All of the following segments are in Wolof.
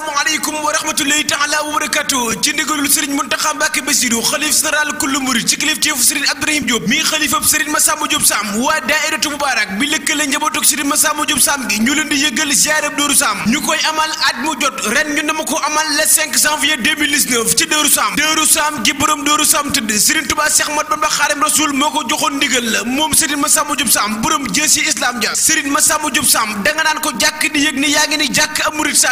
asalaamaaleykum wa rahmatullahi taala wa barakatu ci ndigalul sëriñ Muntaxa Mbàkke Basiru xalif général kullu murid ci kilifteefu sëriñ Abdourahim sëriñ Masamba Diop Sam Sam gi ñu leen di yëgal ziarab Daaru Sam ñu koy amal at mu jot ren ñu dama ko amal le 5 janvier 2019 ci Daaru Sam Daaru Sam gi borom Daaru Sam tëdd sëriñ Tuubaa Seex Ahmadu Bamba Xaadimu Rasuul moo ko joxoon ndigal la moom sëriñ Masamba Diop Sam borom jësi islam ja sëriñ Masamba Diop Sam da nga naan ko jàkk di yëg ni yaa ngi ni jàkk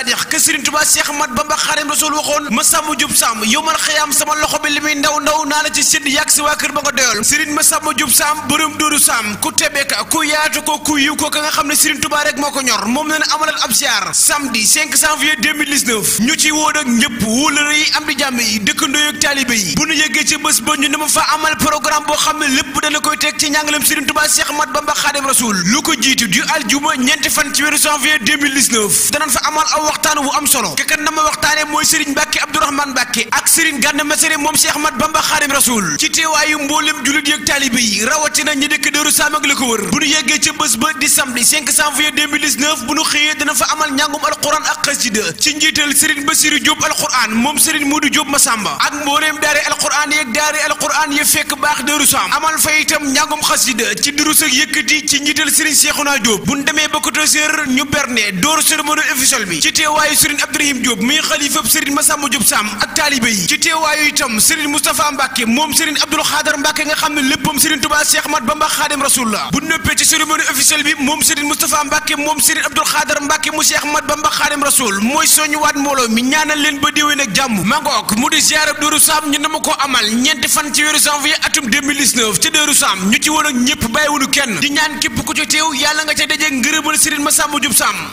ba Cheikh Mat Bamba Xaadimu Rasuul waxoon ma sàmm jub sàmm yomal xëyaam sama loxo bi li muy ndaw ndaw naa la ci sidd yàgg si waa kër ba nga doyal Serigne ma sàmm jub sàmm borom dooru sàmm ku tebeka ku yaatu ko ku yiw ko ka nga xam ne Serigne Touba rek moo ko ñor moom la ñu amalaat ab ziar samedi 5 janvier 2019 ñu ci wóor ak ñëpp wóolare yi am di jàmm yi dëkkandoo ak taalibe yi bu ñu yëggee ci bés ba ñu boo xam ne lépp dana koy teg ci njàngalem Serigne Touba Cheikh Mat Bamba fan ci weeru janvier 2019 danañ fa amal aw waxtaan wu am solo solo ki kat na ma waxtaane mooy Serigne Mbacke Abdourahmane Mbacke ak Serigne Gana Messere moom Cheikh Ahmad Bamba Xaadim Rasul ci teewaayu mboolem jullit yeeg taalibe yi rawatina ñi dëkk Daaru Saam ak li ko wër bu ñu yeggee ca bés ba di samedi 5 janvier 2019 bu ñu xëyee dana fa amal njàngum alquran ak xasida ci njiital Serigne Bassirou Diop alquran moom Serigne Modou Diop Massamba ak mbooleem daare alquran yeeg daare alquran ye fekk baax Daaru Saam amal fa itam njàngum Ibrahim Diop muy xalifab Serigne Massamba Diop Sam ak taalibe yi ci teewaayu itam Serigne Moustapha Mbacke moom Serigne Abdoul Khadar Mbacke nga xam ne léppam Serigne Touba Cheikh Ahmad Bamba Khadim Rasulullah bu nëppee ci cérémonie officielle bi moom Serigne Moustapha Mbacke moom Serigne Abdoul Khadar Mbacke mu Cheikh Ahmad Bamba Khadim Rasul mooy soññuwaat mbooloo mi ñaanal leen ba déwén ak jàmm mangook mu di ziarab Daaru Sam ñu na ma ko amal ñeenti fan ci weeru janvier atum 2019 ñu ci woon ak ñëpp bàyyiwunu kenn di ñaan képp ku ci yàlla nga ca dajeek ngërëmal Serigne Massamba Diop Sam